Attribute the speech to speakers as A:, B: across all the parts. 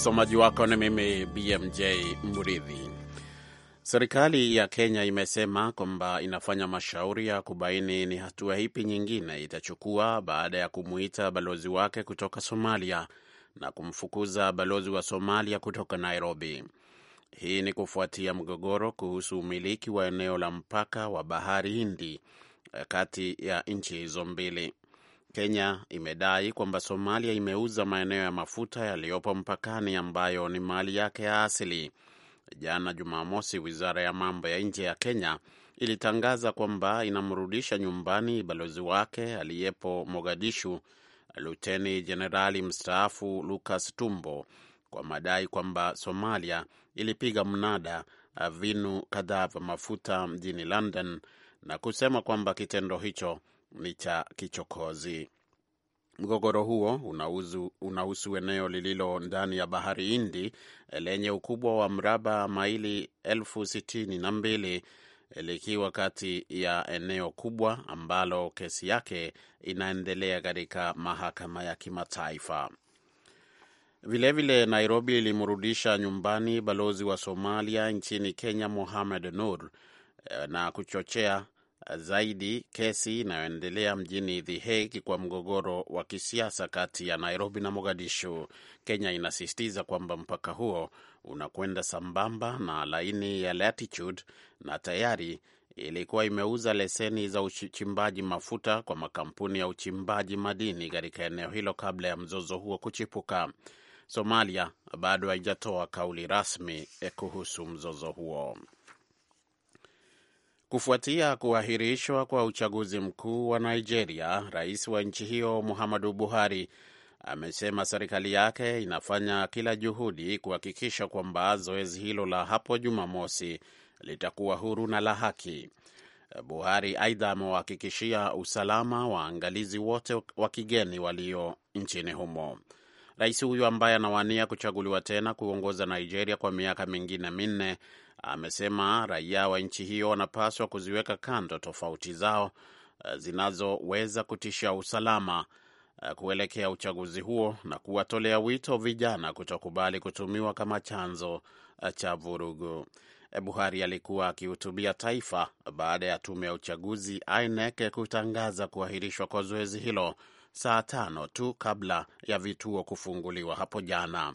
A: Msomaji wako ni mimi BMJ Mridhi. Serikali ya Kenya imesema kwamba inafanya mashauri ya kubaini ni hatua ipi nyingine itachukua baada ya kumuita balozi wake kutoka Somalia na kumfukuza balozi wa Somalia kutoka Nairobi. Hii ni kufuatia mgogoro kuhusu umiliki wa eneo la mpaka wa bahari Hindi eh, kati ya nchi hizo mbili. Kenya imedai kwamba Somalia imeuza maeneo ya mafuta yaliyopo mpakani ambayo ni mali yake ya asili. Jana Jumamosi, wizara ya mambo ya nje ya Kenya ilitangaza kwamba inamrudisha nyumbani balozi wake aliyepo Mogadishu, luteni jenerali mstaafu Lucas Tumbo, kwa madai kwamba Somalia ilipiga mnada vinu kadhaa vya mafuta mjini London na kusema kwamba kitendo hicho ni cha kichokozi. Mgogoro huo unahusu, unahusu eneo lililo ndani ya bahari Hindi eh, lenye ukubwa wa mraba maili elfu sitini na mbili eh, likiwa kati ya eneo kubwa ambalo kesi yake inaendelea katika mahakama ya kimataifa. Vilevile, Nairobi ilimrudisha nyumbani balozi wa Somalia nchini Kenya Mohamed Nur eh, na kuchochea zaidi kesi inayoendelea mjini The Hague kwa mgogoro wa kisiasa kati ya Nairobi na Mogadishu. Kenya inasisitiza kwamba mpaka huo unakwenda sambamba na laini ya latitude na tayari ilikuwa imeuza leseni za uchimbaji mafuta kwa makampuni ya uchimbaji madini katika eneo hilo kabla ya mzozo huo kuchipuka. Somalia bado haijatoa kauli rasmi eh, kuhusu mzozo huo. Kufuatia kuahirishwa kwa uchaguzi mkuu wa Nigeria, rais wa nchi hiyo Muhammadu Buhari amesema serikali yake inafanya kila juhudi kuhakikisha kwamba zoezi hilo la hapo Jumamosi litakuwa huru na la haki. Buhari aidha amewahakikishia usalama waangalizi wote wa kigeni walio nchini humo. Rais huyu ambaye anawania kuchaguliwa tena kuongoza Nigeria kwa miaka mingine minne amesema raia wa nchi hiyo wanapaswa kuziweka kando tofauti zao eh, zinazoweza kutisha usalama eh, kuelekea uchaguzi huo na kuwatolea wito vijana kutokubali kutumiwa kama chanzo eh, cha vurugu. Buhari alikuwa akihutubia taifa baada ya tume ya uchaguzi INEC kutangaza kuahirishwa kwa zoezi hilo saa tano tu kabla ya vituo kufunguliwa hapo jana.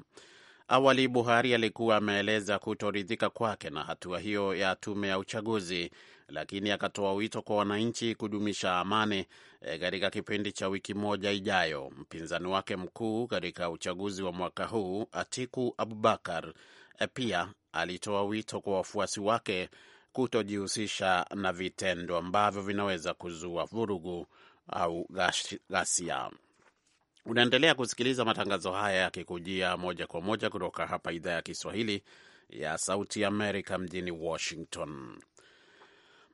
A: Awali Buhari alikuwa ameeleza kutoridhika kwake na hatua hiyo ya tume ya uchaguzi, lakini akatoa wito kwa wananchi kudumisha amani e, katika kipindi cha wiki moja ijayo. Mpinzani wake mkuu katika uchaguzi wa mwaka huu Atiku Abubakar e, pia alitoa wito kwa wafuasi wake kutojihusisha na vitendo ambavyo vinaweza kuzua vurugu au ghasia. Unaendelea kusikiliza matangazo haya yakikujia moja kwa moja kutoka hapa idhaa ya Kiswahili ya Sauti Amerika mjini Washington.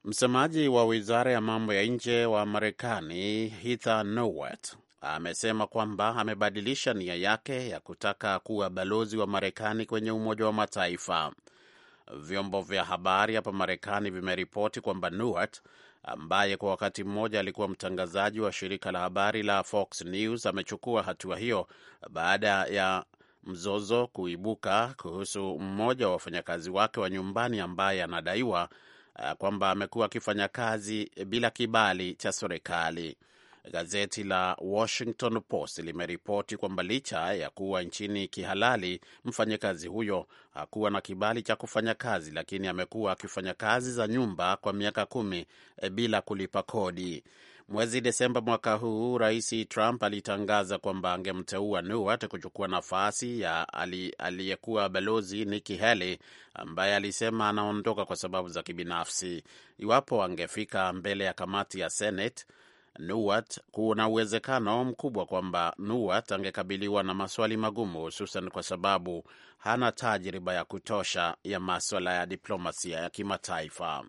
A: Msemaji wa wizara ya mambo ya nje wa Marekani Heather Nauert amesema kwamba amebadilisha nia yake ya kutaka kuwa balozi wa Marekani kwenye Umoja wa Mataifa. Vyombo vya habari hapa Marekani vimeripoti kwamba Nauert ambaye kwa wakati mmoja alikuwa mtangazaji wa shirika la habari la Fox News amechukua hatua hiyo baada ya mzozo kuibuka kuhusu mmoja wa wafanyakazi wake wa nyumbani ambaye anadaiwa uh, kwamba amekuwa akifanya kazi bila kibali cha serikali. Gazeti la Washington Post limeripoti kwamba licha ya kuwa nchini kihalali, mfanyakazi huyo hakuwa na kibali cha kufanya kazi, lakini amekuwa akifanya kazi za nyumba kwa miaka kumi eh, bila kulipa kodi. Mwezi Desemba mwaka huu, Rais Trump alitangaza kwamba angemteua Newart kuchukua nafasi ya aliyekuwa balozi Nikki Haley ambaye alisema anaondoka kwa sababu za kibinafsi. Iwapo angefika mbele ya kamati ya Senate nuat kuna uwezekano mkubwa kwamba Nuat angekabiliwa na maswali magumu, hususan kwa sababu hana tajriba ya kutosha ya maswala ya diplomasia ya kimataifa.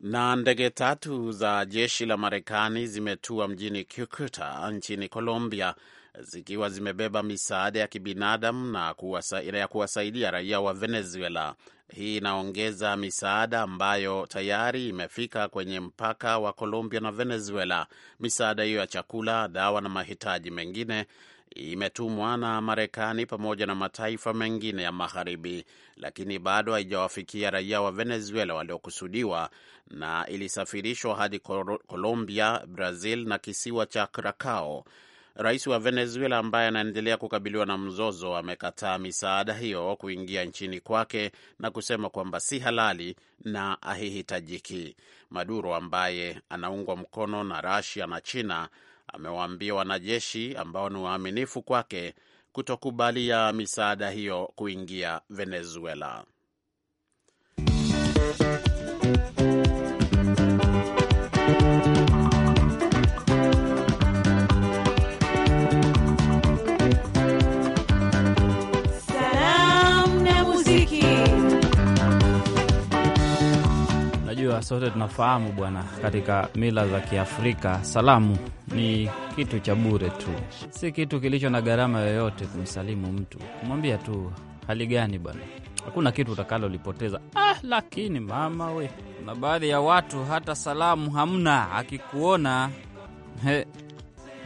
A: Na ndege tatu za jeshi la Marekani zimetua mjini Cucuta nchini Colombia zikiwa zimebeba misaada ya kibinadamu na kuwasa, ya kuwasaidia raia wa Venezuela. Hii inaongeza misaada ambayo tayari imefika kwenye mpaka wa Colombia na Venezuela. Misaada hiyo ya chakula, dawa na mahitaji mengine imetumwa na Marekani pamoja na mataifa mengine ya Magharibi, lakini bado haijawafikia raia wa Venezuela waliokusudiwa, na ilisafirishwa hadi Colombia, Brazil na kisiwa cha Krakao. Rais wa Venezuela ambaye anaendelea kukabiliwa na mzozo amekataa misaada hiyo kuingia nchini kwake na kusema kwamba si halali na ahihitajiki Maduro ambaye anaungwa mkono na Rasia na China amewaambia wanajeshi ambao ni waaminifu kwake kutokubalia misaada hiyo kuingia Venezuela.
B: sote tunafahamu bwana, katika mila za Kiafrika salamu ni kitu cha bure tu, si kitu kilicho na gharama yoyote. Kumsalimu mtu, kumwambia tu hali gani bwana, hakuna kitu utakalolipoteza. Ah, lakini mama we, kuna baadhi ya watu hata salamu hamna, akikuona he.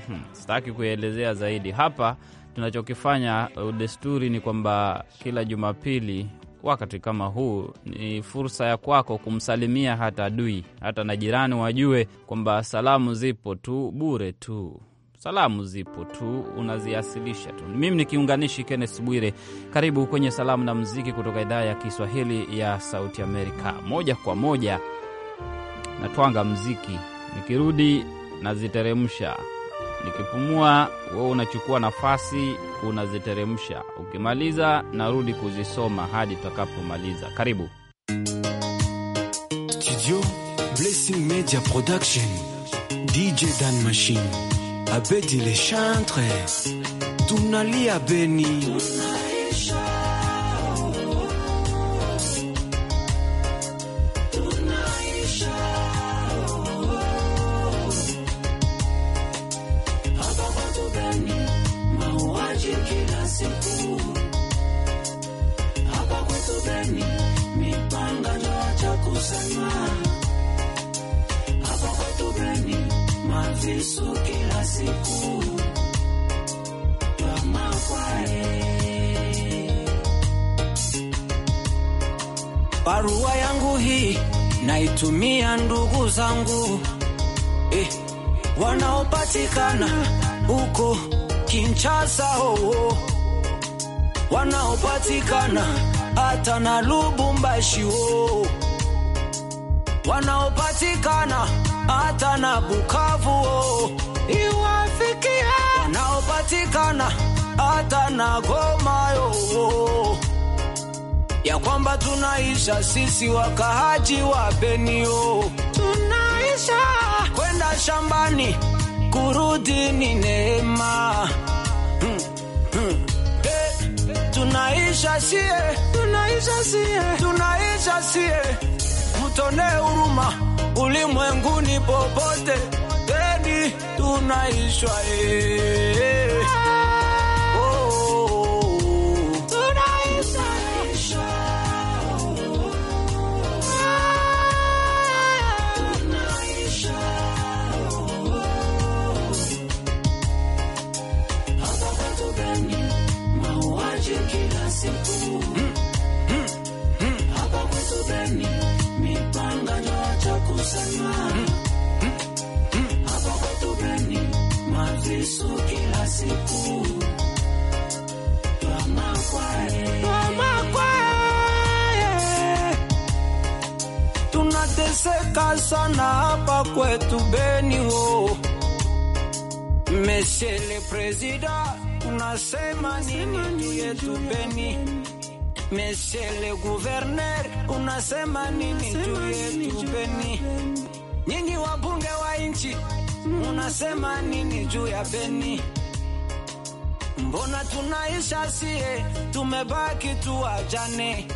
B: Hmm, sitaki kuelezea zaidi hapa. Tunachokifanya udesturi ni kwamba kila Jumapili wakati kama huu ni fursa ya kwako kumsalimia hata adui, hata na jirani, wajue kwamba salamu zipo tu bure tu salamu zipo tu, unaziasilisha tu. Mimi ni kiunganishi Kenneth Bwire, karibu kwenye salamu na muziki kutoka idhaa ya Kiswahili ya Sauti Amerika. Moja kwa moja natwanga muziki, nikirudi naziteremsha Nikipumua wewe unachukua nafasi, unaziteremsha. Ukimaliza narudi kuzisoma hadi tutakapomaliza. Karibu
C: Studio Blessing Media Production, DJ Dan Machine, Abedi Le Chantre, tunalia Beni. ndugu zangu eh, wanaopatikana huko Kinshasa oo, oh, oh. wanaopatikana hata na Lubumbashi oh, oh, wanaopatikana hata na Bukavu oh, iwafikia wanaopatikana hata na Goma oh ya kwamba tunaisha sisi wakaaji wa Benio, tunaisha kwenda shambani, kurudi ni neema. Hmm,
D: hmm. Eh,
C: tunaisha sie, tunaisha sie, tunaisha sie, mtone huruma ulimwenguni popote, deni tunaishwa eh. Chele presida unasema nini yetupeni? Meshele guverner unasema nini yetupeni? Nyinyi wabunge wa nchi unasema nini juu ya beni? Mbona tunaisha sie, tumebaki tuwajane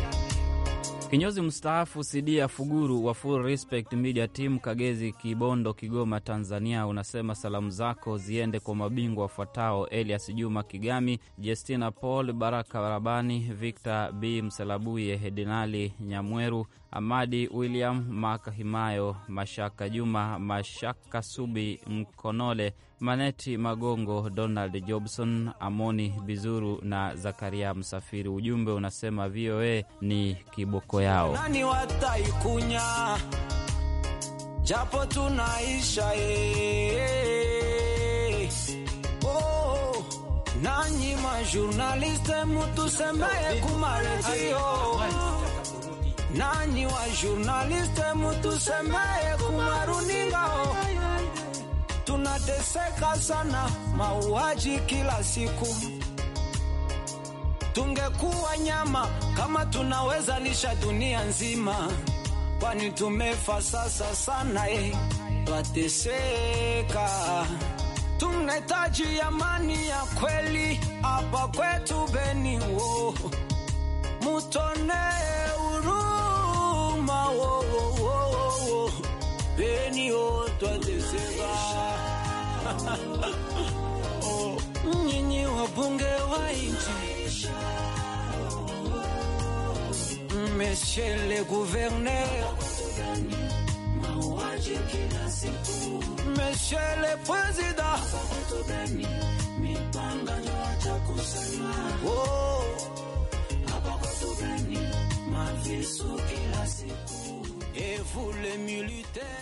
B: Kinyozi mstaafu Sidia Fuguru wa Full Respect Media Team, Kagezi, Kibondo, Kigoma, Tanzania, unasema salamu zako ziende kwa mabingwa wafuatao: Elias Juma Kigami, Jestina Paul, Baraka Rabani, Victor B Msalabuye, Hedinali Nyamweru Amadi William Mak Himayo, Mashaka Juma, Mashaka Subi, Mkonole Maneti, Magongo, Donald Jobson, Amoni Bizuru na Zakaria Msafiri. Ujumbe unasema VOA ni kiboko yao.
C: Nani wataikunya japo tunaisha Oh, nanyi majurnaliste mutusemeye kumaredio nani wa journaliste mutusemeye kumaruningao, tunateseka sana, mauaji kila siku. Tungekuwa nyama kama tunaweza lisha dunia nzima, kwani tumefa sasa sana, eh, twateseka. Tunahitaji amani ya kweli hapa kwetu Beni, wo oh. mutone nyinyi wabunge wa
D: nchi
C: Monsieur le gouverneur, Monsieur le président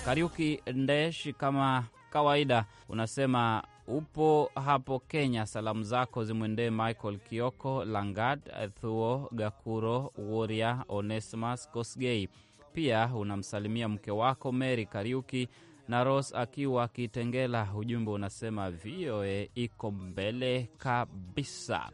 B: Kariuki Ndesh, kama kawaida, unasema upo hapo Kenya. Salamu zako zimwendee Michael Kioko, Langat Thuo, Gakuro Woria, Onesimas Kosgei. Pia unamsalimia mke wako Mary Kariuki na Ros akiwa Kitengela. Ujumbe unasema VOA iko mbele kabisa.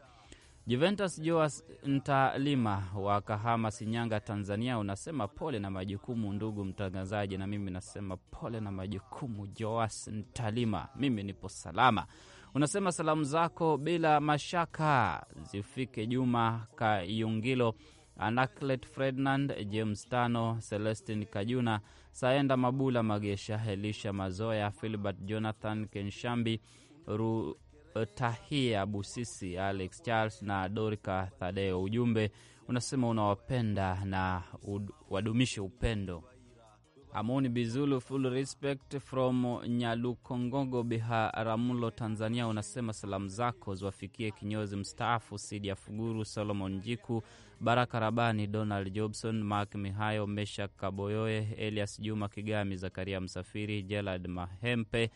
B: Juventus Joas Ntalima wa Kahama, sinyanga Tanzania, unasema pole na majukumu ndugu mtangazaji, na mimi nasema pole na majukumu. Joas Ntalima, mimi nipo salama. Unasema salamu zako bila mashaka zifike Juma Kayungilo, Anaclet Frednand, James Tano, Celestin Kajuna, Saenda Mabula Magesha, Elisha Mazoya, Filbert Jonathan Kenshambi, Tahia Busisi, Alex Charles na Dorika Thadeo. Ujumbe unasema unawapenda na wadumishe upendo. Amoni Bizulu, full respect from Nyalukongogo, Biharamulo, Tanzania, unasema salamu zako ziwafikie kinyozi mstaafu Sidia Fuguru, Solomon Jiku, Baraka Rabani, Donald Jobson, Mark Mihayo, Meshak Kaboyoe, Elias Juma Kigami, Zakaria Msafiri, Gerald Mahempe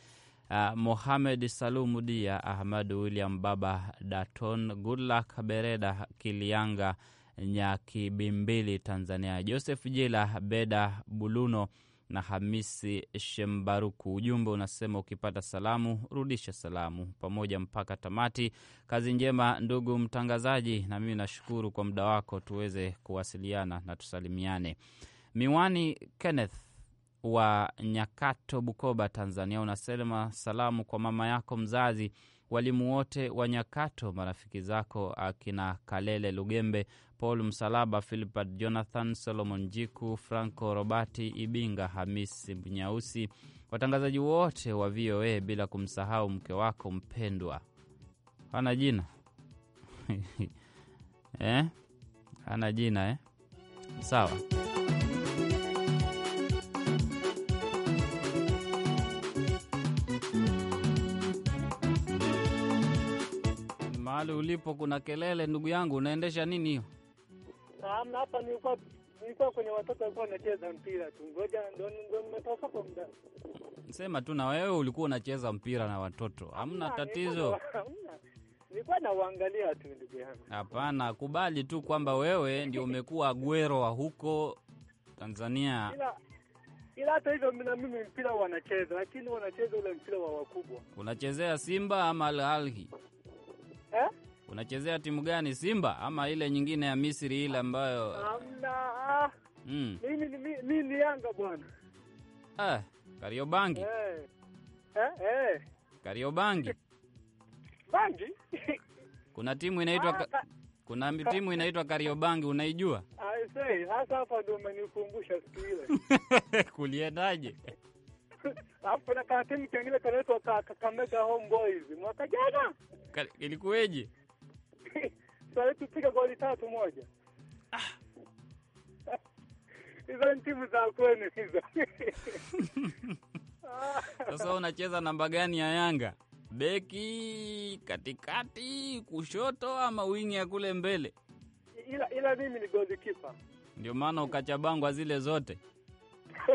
B: Uh, Mohamed Salumu Dia, Ahmad William Baba Daton, Goodluck Bereda Kilianga Nyakibimbili Tanzania, Joseph Jila Beda Buluno na Hamisi Shembaruku. Ujumbe unasema ukipata salamu rudisha salamu, pamoja mpaka tamati. Kazi njema ndugu mtangazaji, na mimi nashukuru kwa muda wako, tuweze kuwasiliana na tusalimiane. Miwani Kenneth wa Nyakato, Bukoba, Tanzania, unasema salamu kwa mama yako mzazi, walimu wote wa Nyakato, marafiki zako akina Kalele Lugembe, Paul Msalaba, Philipat Jonathan, Solomon Jiku, Franco Robati Ibinga, Hamisi Mnyausi, watangazaji wote wa VOA, bila kumsahau mke wako mpendwa, hana jina eh? ana jina eh? Sawa. mahali ulipo kuna kelele, ndugu yangu, unaendesha nini hiyo?
E: Hamna, ah, hapa nilikuwa nilikuwa kwenye watoto walikuwa wanacheza mpira tu. Ngoja ndio ndio nimetoka kwa muda.
B: Sema tu na wewe ulikuwa unacheza mpira na watoto, hamna tatizo.
E: Nilikuwa nauangalia tu ndugu yangu.
B: Hapana, kubali tu kwamba wewe ndio umekuwa gwero wa huko Tanzania.
E: Ila ila hata hivyo na mimi mpira wanacheza, lakini wanacheza ule mpira wa wakubwa.
B: Unachezea Simba ama Al Ahly? Unachezea timu gani, Simba ama ile nyingine ya Misri ile ambayo?
E: Hamna. Mm. Mimi ni mimi ni Yanga bwana.
B: Ah, Kariobangi.
E: Eh. Eh, eh.
B: Kariobangi.
E: Bangi?
B: Kuna timu inaitwa ah, kuna timu inaitwa Kariobangi unaijua?
E: I say, hasa hapa ndio umenikumbusha siku ile.
B: Kuliendaje?
E: Hapo timu kingine kanaitwa Kakamega Homeboys mwaka jana. tupiga goli tatu moja. Hizo ah. ni timu za kwenu hizo.
B: Sasa unacheza namba gani ya Yanga? Beki, katikati, kushoto ama wingi ya kule mbele?
E: Ila ila mimi ni goalkeeper,
B: ndio maana ukachabangwa zile zote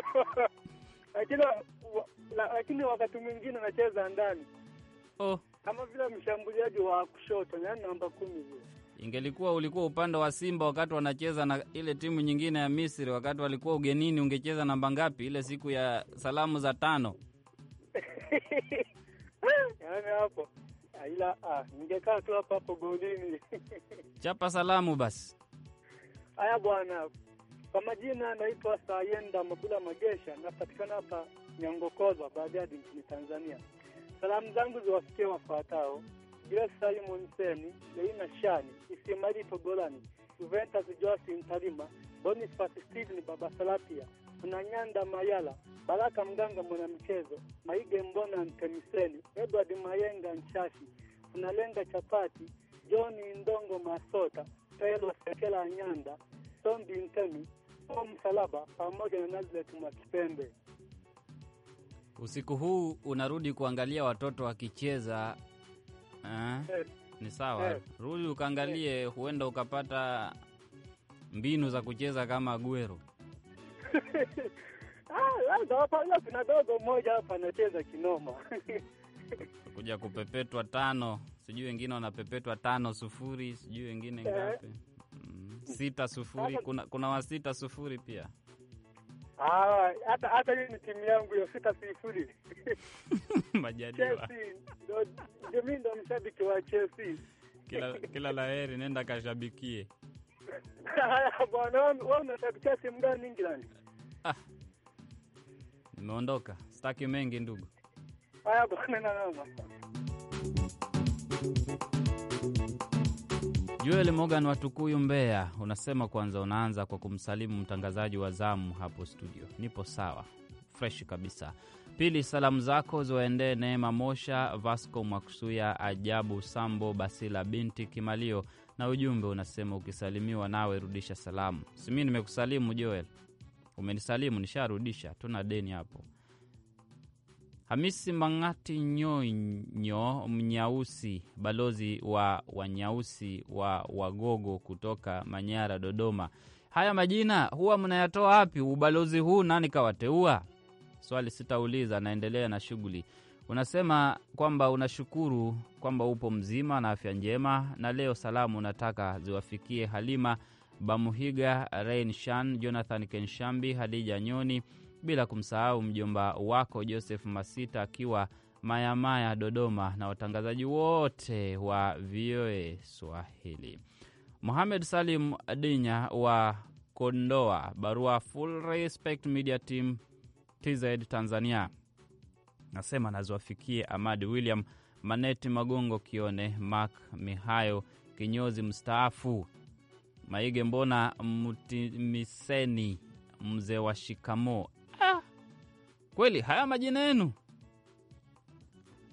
E: lakini, lakini wakati mwingine unacheza ndani. Oh kama vile mshambuliaji wa kushoto, yaani namba kumi hiyo.
B: Ingelikuwa ulikuwa upande wa Simba wakati wanacheza na ile timu nyingine ya Misri, wakati walikuwa ugenini, ungecheza namba ngapi ile siku ya salamu za tano?
E: Yaani hapo ila ah, ningekaa tu hapa hapo golini.
B: Chapa salamu basi.
E: Haya bwana, kwa majina anaitwa Sayenda Mabula Magesha, napatikana hapa Nyangokoza, Bariadi nchini Tanzania. Salamu zangu ziwafikie wafuatao: Grace Salimu Mseni, Leina Shani, Isimari Togolani, Juventus Joasi Ntalima, Boniface Steven, Baba Salapia, Nyanda Mayala, Baraka Mganga, mwanamchezo Maige Mbona ntemiseni Edward Mayenga Nchashi, lenga Chapati, John Ndongo Masota, Taelo Sekela Nyanda, Sombi Ntemi, Paul Msalaba pamoja na Nazareth Mwakipembe.
B: Usiku huu unarudi kuangalia watoto wakicheza eh? Ni sawa, rudi ukaangalie, huenda ukapata mbinu za kucheza kama Agwero.
E: Ah, kuna mmoja hapa anacheza kinoma
B: kuja kupepetwa tano, sijui wengine wanapepetwa tano sufuri, sijui wengine eh. ngapi, mm. sita sufuri. Kuna, kuna wasita sufuri pia
E: hata hata hii ni timu yangu ya sita sifuri Majaliwa, mimi ndo mshabiki wa Chelsea.
B: Kila kila laheri, nenda kashabikie
E: bwana. Wewe unashabikia timu gani England? Ah.
B: nimeondoka, sitaki mengi ndugu.
E: Haya bwana, nanaa
B: Joel Morgan Watukuyu, Mbeya, unasema kwanza unaanza kwa kumsalimu mtangazaji wa zamu hapo studio. Nipo sawa, fresh kabisa. Pili, salamu zako ziwaendee Neema Mosha, Vasco Mwakusuya, Ajabu Sambo, Basila binti Kimalio, na ujumbe unasema ukisalimiwa nawe rudisha salamu. simii nimekusalimu Joel, umenisalimu nisharudisha, tuna deni hapo. Hamisi Mang'ati Nyonyo Mnyausi, balozi wa Wanyausi wa Wagogo kutoka Manyara, Dodoma. Haya majina huwa mnayatoa wapi? Ubalozi huu nani kawateua? Swali sitauliza, naendelea na shughuli. Unasema kwamba unashukuru kwamba upo mzima na afya njema, na leo salamu nataka ziwafikie Halima Bamuhiga, Rain Shan, Jonathan Kenshambi, Hadija Nyoni bila kumsahau mjomba wako Joseph Masita akiwa Mayamaya, Dodoma, na watangazaji wote wa VOA Swahili, Mohamed Salim Adinya wa Kondoa, barua Full Respect Media Team TZ Tanzania, nasema naziwafikie Amadi William Maneti Magongo Kione Mak Mihayo kinyozi mstaafu Maige Mbona Mtimiseni mzee wa shikamo kweli haya majina yenu?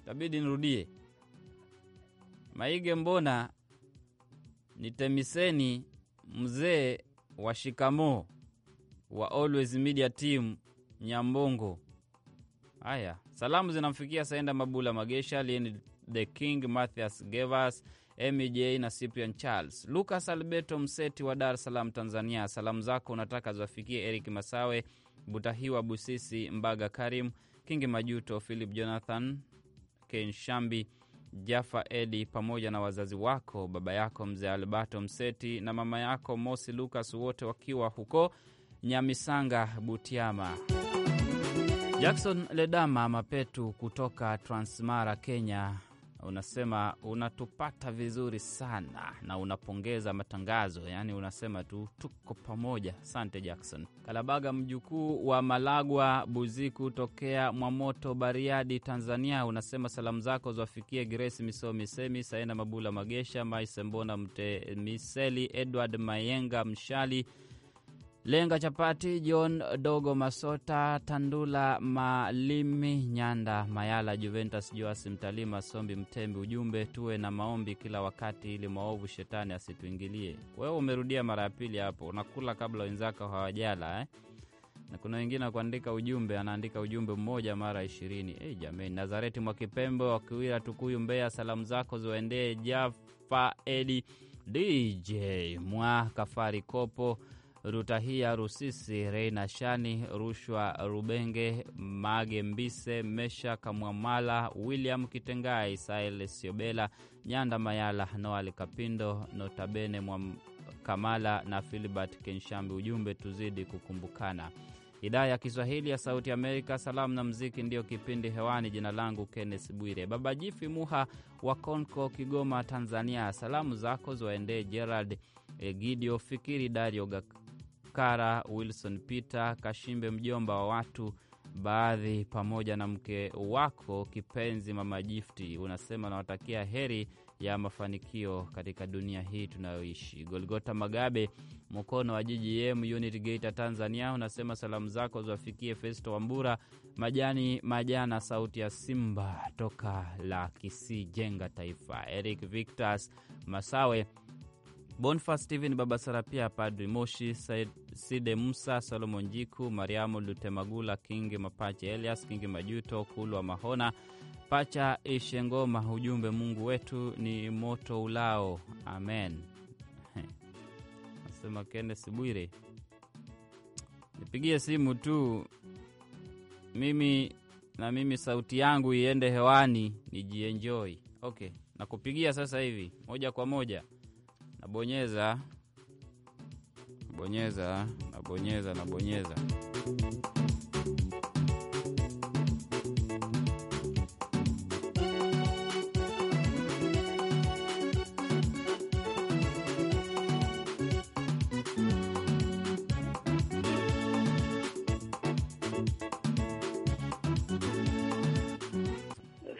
B: Itabidi nirudie. Maige Mbona ni Temiseni, mzee wa shikamoo wa Always Media Team Nyambongo. Haya, salamu zinamfikia Saenda Mabula Magesha, Lien the King, Mathias Gevas, Mj na Cyprian Charles. Lucas Alberto Mseti wa Dar es Salaam, Tanzania, salamu zako unataka ziwafikie Eric Masawe Butahiwa Busisi, Mbaga Karim, Kingi Majuto, Philip Jonathan, Ken Shambi, Jafa Edi, pamoja na wazazi wako, baba yako mzee Alberto Mseti na mama yako Mosi Lukas, wote wakiwa huko Nyamisanga, Butiama. Jackson Ledama Mapetu kutoka Transmara, Kenya unasema unatupata vizuri sana na unapongeza matangazo, yaani unasema tu tuko pamoja. sante Jackson Kalabaga, mjukuu wa Malagwa Buziku tokea Mwamoto, Bariadi, Tanzania. Unasema salamu zako ziwafikie Grace Misomisemi, Saina Mabula Magesha, Maisembona Mtemiseli, Edward Mayenga Mshali Lenga Chapati, John Dogo Masota, Tandula Malimi, Nyanda Mayala, Juventus Joasi, Mtalii, masombi Mtembi. Ujumbe, tuwe na maombi kila wakati ili maovu shetani asituingilie. Wewe umerudia mara ya pili hapo, unakula kabla wenzako hawajala eh? na kuna wengine wakuandika ujumbe, anaandika ujumbe mmoja mara ishirini. Hey, eh, jamani. Nazareti mwa Kipembe Wakiwira, Tukuyu, Mbeya, salamu zako ziwaendee Jafa Edi, DJ Mwa Kafari Kopo Rutahia Rusisi, Reina Shani, Rushwa Rubenge, Mage Mbise, Mesha Kamwamala, William Kitengai, Saile Siobela, Nyanda Mayala, noal Kapindo, Notabene Mwakamala na Filibert Kenshambi. Ujumbe, tuzidi kukumbukana. Idhaa ya Kiswahili ya Sauti Amerika, salamu na mziki ndiyo kipindi hewani. Jina langu kennes Bwire. Baba Jifi Muha wa Konko, Kigoma, Tanzania, salamu zako ziwaendee Gerald Egidio eh, Fikiri, Dario Fukara Wilson Peter Kashimbe, mjomba wa watu baadhi, pamoja na mke wako kipenzi Mama Jifti. Unasema nawatakia heri ya mafanikio katika dunia hii tunayoishi. Golgota Magabe Mkono wa GGM Unit Geita, Tanzania, unasema salamu zako ziwafikie Festo Wambura Majani Majana, sauti ya Simba toka la Kisi Jenga Taifa, Eric Victas Masawe Bonfa Stephen Babasarapia, Padri Moshi Side Musa, Solomon Jiku, Mariamu Lutemagula, Kingi Mapache, Elias Kingi Majuto, Kulwa Mahona, Pacha Ishengoma. Ujumbe, Mungu wetu ni moto ulao. Amen. Nasema Kennes Bwire, nipigie simu tu mimi na mimi sauti yangu iende hewani nijienjoi. Okay, nakupigia sasa hivi moja kwa moja nabonyeza nabonyeza nabonyeza nabonyeza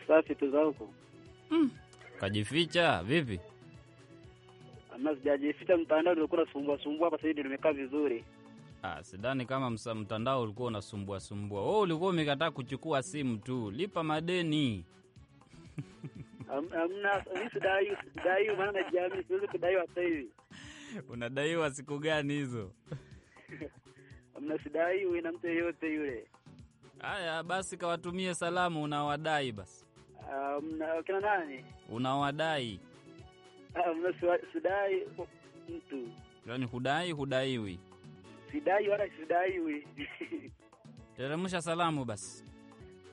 F: Safi tu zangu.
D: Mm.
B: Kajificha vipi?
F: maana sijajificha mtandao, nilikuwa nasumbua sumbua hapa, sasa hivi nimekaa vizuri.
B: Ah, sidhani kama msa, mtandao ulikuwa unasumbua sumbua. Wewe ulikuwa umekataa kuchukua simu tu, lipa madeni.
F: Hamna, mimi sidai, sidai maana najiamini, siwezi kudaiwa sasa hivi.
B: Unadaiwa siku gani hizo?
F: Hamna, sidai wewe na mtu yeyote yule.
B: Haya basi, kawatumie salamu unawadai basi.
F: Um, kina nani?
B: Unawadai.
F: Ah, sidai mtu
B: yaani, hudai hudaiwi,
F: sidai wala sidaiwi.
B: Teremsha salamu basi.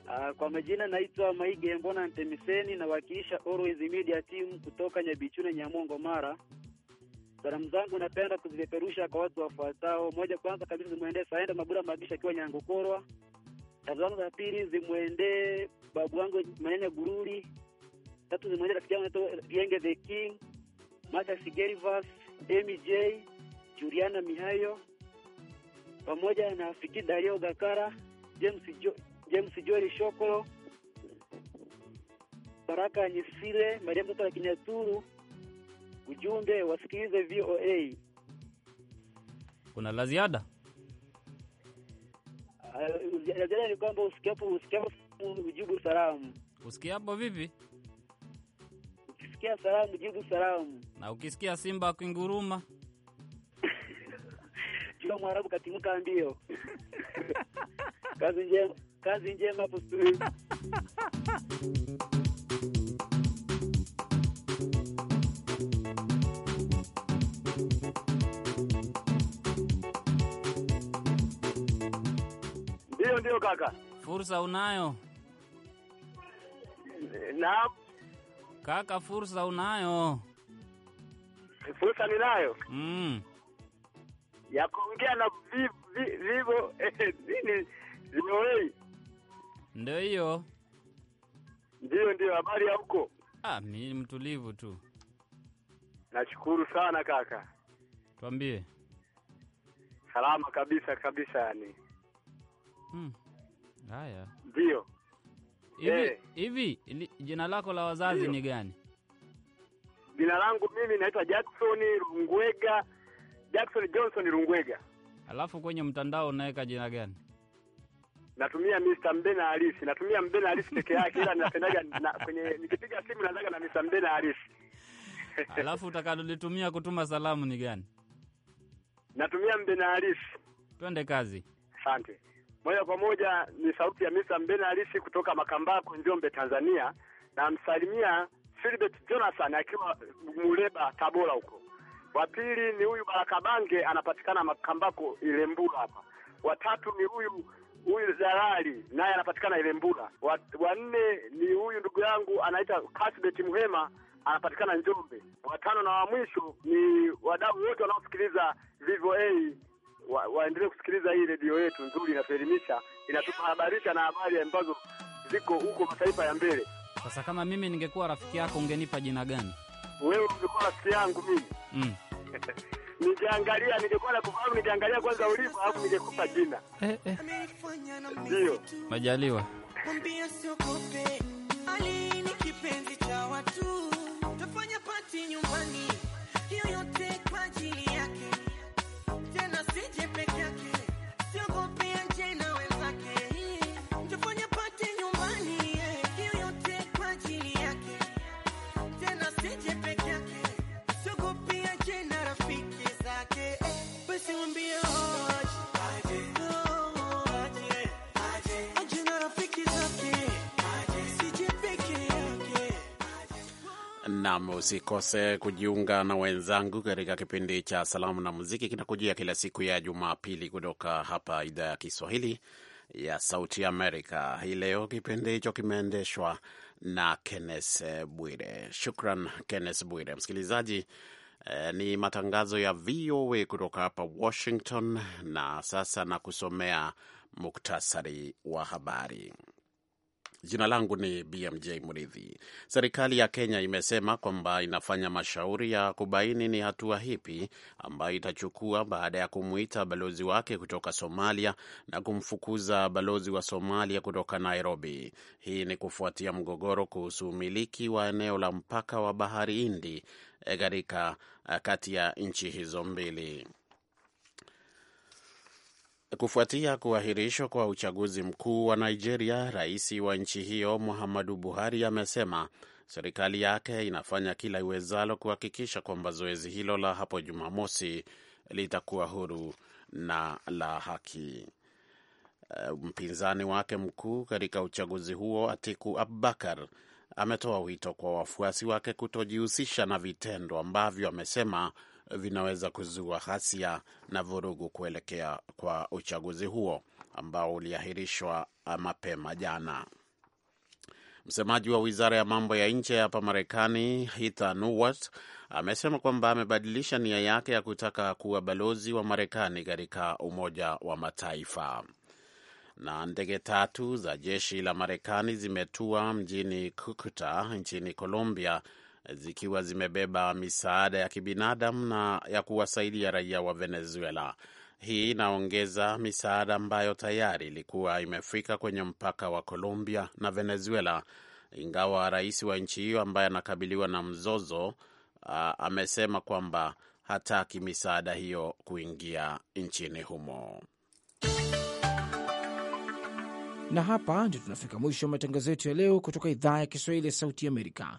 F: Uh, kwa majina naitwa Maige Mbona Ntemiseni, nawakilisha Always Media Team kutoka Nyabichune, Nyamongo, Mara. Salamu zangu napenda kuzipeperusha kwa watu wafuatao. Moja, kwanza kabisa zimwendee Saenda Mabula Magisha akiwa Nyangokorwa. Tatu zangu za pili zimwendee babu wangu Manene Gururi. Tatu zimwendee rafiki yangu anaitwa Yenge the King. Mata Sigerivas, MJ Juliana Mihayo pamoja na fiki Dario Gakara, James jo, James Joel Shokolo, Baraka Nyisile, Maria mtoto wa Kinyaturu. Ujumbe wasikilize VOA.
B: Kuna la ziada?
F: Uh, ziada ni
B: kwamba usikiapo
F: usikiapo ujibu salamu.
B: Usikiapo vipi?
F: ukisikia salamu jibu salamu,
B: na ukisikia simba akinguruma
F: jua mwarabu katimka mbio. kazi njema, kazi njema hapo studio.
B: Ndio, ndio kaka, fursa unayo na Kaka, fursa unayo? Fursa ninayo mm. ya kuongea na vivo eh, eh, nini vivoei, ndio hiyo,
G: ndio ndio Habari ya huko?
B: Ah, mimi mtulivu tu,
G: nashukuru sana kaka. Twambie. Salama kabisa kabisa, yani
B: mm. Haya,
G: ndio hivi eh.
B: hivi Jina lako la wazazi Hiyo. ni gani?
G: Jina langu mimi naitwa Jackson Rungwega, Jackson Johnson Rungwega.
B: Alafu kwenye mtandao unaweka jina gani?
G: Natumia Mr. Mbena Halisi, natumia Mbena Halisi peke yake, ila ninapendaga na, kwenye nikipiga simu nazaga na Mr. Mbena Halisi.
B: Alafu utakalolitumia kutuma salamu ni gani?
G: Natumia Mbena Halisi.
B: Twende kazi.
G: Asante. Moja kwa moja ni sauti ya Mr. Mbena Halisi kutoka Makambako, Njombe, Tanzania. Namsalimia Philbert Jonathan akiwa Muleba, Tabora huko. Wa pili ni huyu Barakabange anapatikana Makambako Ilembula hapa. Watatu ni huyu huyu Zalali naye anapatikana Ilembula. Wanne ni huyu ndugu yangu anaita Kasbet Muhema anapatikana Njombe. Watano na wa mwisho ni wadau wote wanaosikiliza VOA wa, waendelee kusikiliza hii redio yetu nzuri, inatuelimisha, inatuhabarisha na habari ambazo ziko huko mataifa ya mbele.
B: Sasa kama mimi ningekuwa rafiki yako ungenipa jina gani?
G: Wewe ungekuwa rafiki yangu mimi mm. Ningeangalia, ningekuwa na kufahamu, ningeangalia kwanza ulipo, alafu ningekupa jina eh, eh. Ndio
B: majaliwa
A: Nam, usikose kujiunga na wenzangu katika kipindi cha salamu na muziki, kinakujia kila siku ya Jumapili kutoka hapa idhaa ya Kiswahili ya Sauti Amerika. Hii leo kipindi hicho kimeendeshwa na Kennes Bwire. Shukran Kennes Bwire. Msikilizaji, eh, ni matangazo ya VOA kutoka hapa Washington, na sasa na kusomea muktasari wa habari. Jina langu ni BMJ Mridhi. Serikali ya Kenya imesema kwamba inafanya mashauri ya kubaini ni hatua hipi ambayo itachukua baada ya kumwita balozi wake kutoka Somalia na kumfukuza balozi wa Somalia kutoka Nairobi. Hii ni kufuatia mgogoro kuhusu umiliki wa eneo la mpaka wa bahari Hindi eh, katika eh, kati ya nchi hizo mbili. Kufuatia kuahirishwa kwa uchaguzi mkuu wa Nigeria, rais wa nchi hiyo Muhammadu Buhari amesema serikali yake inafanya kila iwezalo kuhakikisha kwamba zoezi hilo la hapo Jumamosi litakuwa huru na la haki. Uh, mpinzani wake mkuu katika uchaguzi huo Atiku Abubakar ametoa wito kwa wafuasi wake kutojihusisha na vitendo ambavyo amesema vinaweza kuzua ghasia na vurugu kuelekea kwa uchaguzi huo ambao uliahirishwa mapema jana. Msemaji wa wizara ya mambo ya nje hapa Marekani, Heather Nauert, amesema kwamba amebadilisha nia yake ya kutaka kuwa balozi wa Marekani katika Umoja wa Mataifa. Na ndege tatu za jeshi la Marekani zimetua mjini Cucuta nchini Colombia zikiwa zimebeba misaada ya kibinadamu na ya kuwasaidia raia wa Venezuela. Hii inaongeza misaada ambayo tayari ilikuwa imefika kwenye mpaka wa Colombia na Venezuela, ingawa rais wa nchi hiyo ambaye anakabiliwa na mzozo a, amesema kwamba hataki misaada hiyo kuingia nchini humo.
H: Na hapa ndio tunafika mwisho wa matangazo yetu ya leo kutoka idhaa ya Kiswahili ya Sauti Amerika.